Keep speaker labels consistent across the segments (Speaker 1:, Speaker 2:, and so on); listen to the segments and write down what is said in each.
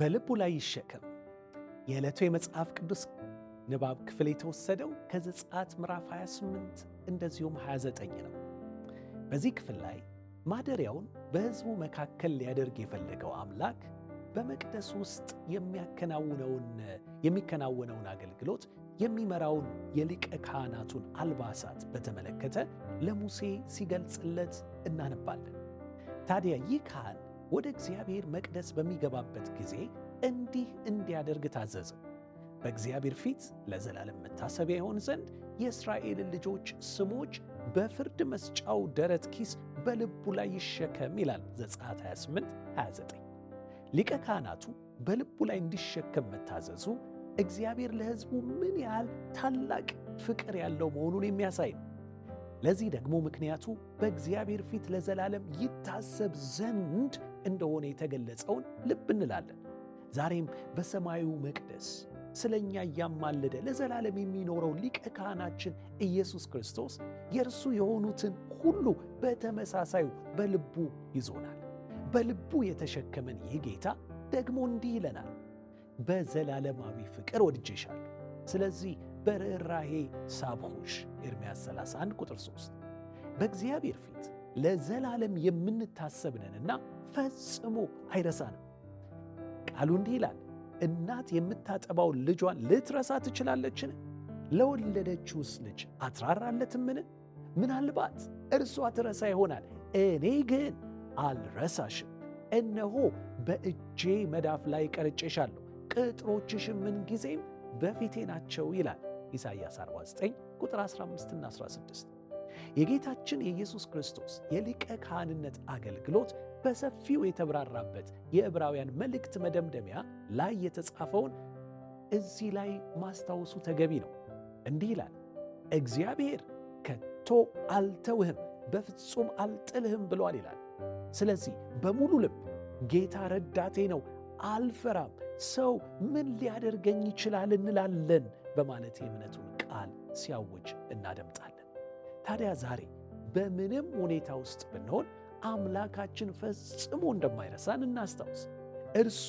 Speaker 1: በልቡ ላይ ይሸከም። የዕለቱ የመጽሐፍ ቅዱስ ንባብ ክፍል የተወሰደው ከዘጸአት ምዕራፍ 28 እንደዚሁም 29 ነው። በዚህ ክፍል ላይ ማደሪያውን በሕዝቡ መካከል ሊያደርግ የፈለገው አምላክ በመቅደስ ውስጥ የሚያከናውነውን የሚከናወነውን አገልግሎት የሚመራውን የሊቀ ካህናቱን አልባሳት በተመለከተ ለሙሴ ሲገልጽለት እናነባለን። ታዲያ ይህ ካህን ወደ እግዚአብሔር መቅደስ በሚገባበት ጊዜ እንዲህ እንዲያደርግ ታዘዘ። በእግዚአብሔር ፊት ለዘላለም መታሰቢያ ይሆን ዘንድ የእስራኤልን ልጆች ስሞች በፍርድ መስጫው ደረት ኪስ በልቡ ላይ ይሸከም ይላል ዘጸአት 28 29። ሊቀ ካህናቱ በልቡ ላይ እንዲሸከም መታዘዙ እግዚአብሔር ለሕዝቡ ምን ያህል ታላቅ ፍቅር ያለው መሆኑን የሚያሳይ ነው። ለዚህ ደግሞ ምክንያቱ በእግዚአብሔር ፊት ለዘላለም ይታሰብ ዘንድ እንደሆነ የተገለጸውን ልብ እንላለን። ዛሬም በሰማዩ መቅደስ ስለ እኛ እያማለደ ለዘላለም የሚኖረው ሊቀ ካህናችን ኢየሱስ ክርስቶስ የእርሱ የሆኑትን ሁሉ በተመሳሳዩ በልቡ ይዞናል። በልቡ የተሸከመን ይህ ጌታ ደግሞ እንዲህ ይለናል፣ በዘላለማዊ ፍቅር ወድጄሻለሁ። ስለዚህ በርኅራሄ ሳብሁሽ ኤርምያስ 31 ቁጥር 3። በእግዚአብሔር ፊት ለዘላለም የምንታሰብነንና ፈጽሞ አይረሳንም። ቃሉ እንዲህ ይላል፣ እናት የምታጠባው ልጇን ልትረሳ ትችላለችን? ለወለደችውስ ልጅ አትራራለትምን? ምናልባት እርሷ ትረሳ ይሆናል፣ እኔ ግን አልረሳሽም። እነሆ በእጄ መዳፍ ላይ ቀርጬሻለሁ፣ ምን ምንጊዜም በፊቴ ናቸው ይላል። ኢሳይያስ 49 ቁጥር 15 እና 16 የጌታችን የኢየሱስ ክርስቶስ የሊቀ ካህንነት አገልግሎት በሰፊው የተብራራበት የዕብራውያን መልእክት መደምደሚያ ላይ የተጻፈውን እዚህ ላይ ማስታወሱ ተገቢ ነው። እንዲህ ይላል፣ እግዚአብሔር ከቶ አልተውህም፣ በፍጹም አልጥልህም ብሏል ይላል። ስለዚህ በሙሉ ልብ ጌታ ረዳቴ ነው፣ አልፈራም፣ ሰው ምን ሊያደርገኝ ይችላል እንላለን። በማለት የእምነቱን ቃል ሲያውጅ እናደምጣለን። ታዲያ ዛሬ በምንም ሁኔታ ውስጥ ብንሆን አምላካችን ፈጽሞ እንደማይረሳን እናስታውስ። እርሱ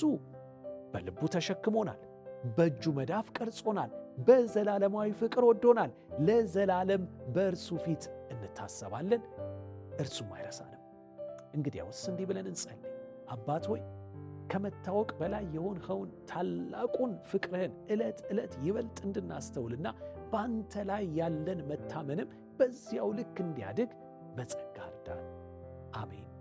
Speaker 1: በልቡ ተሸክሞናል፣ በእጁ መዳፍ ቀርጾናል፣ በዘላለማዊ ፍቅር ወዶናል። ለዘላለም በእርሱ ፊት እንታሰባለን፣ እርሱም አይረሳንም። እንግዲያውስ እንዲህ ብለን እንጸልይ። አባት ሆይ ከመታወቅ በላይ የሆንኸውን ታላቁን ፍቅርህን ዕለት ዕለት ይበልጥ እንድናስተውልና በአንተ ላይ ያለን መታመንም በዚያው ልክ እንዲያድግ በጸጋ እርዳን። አሜን።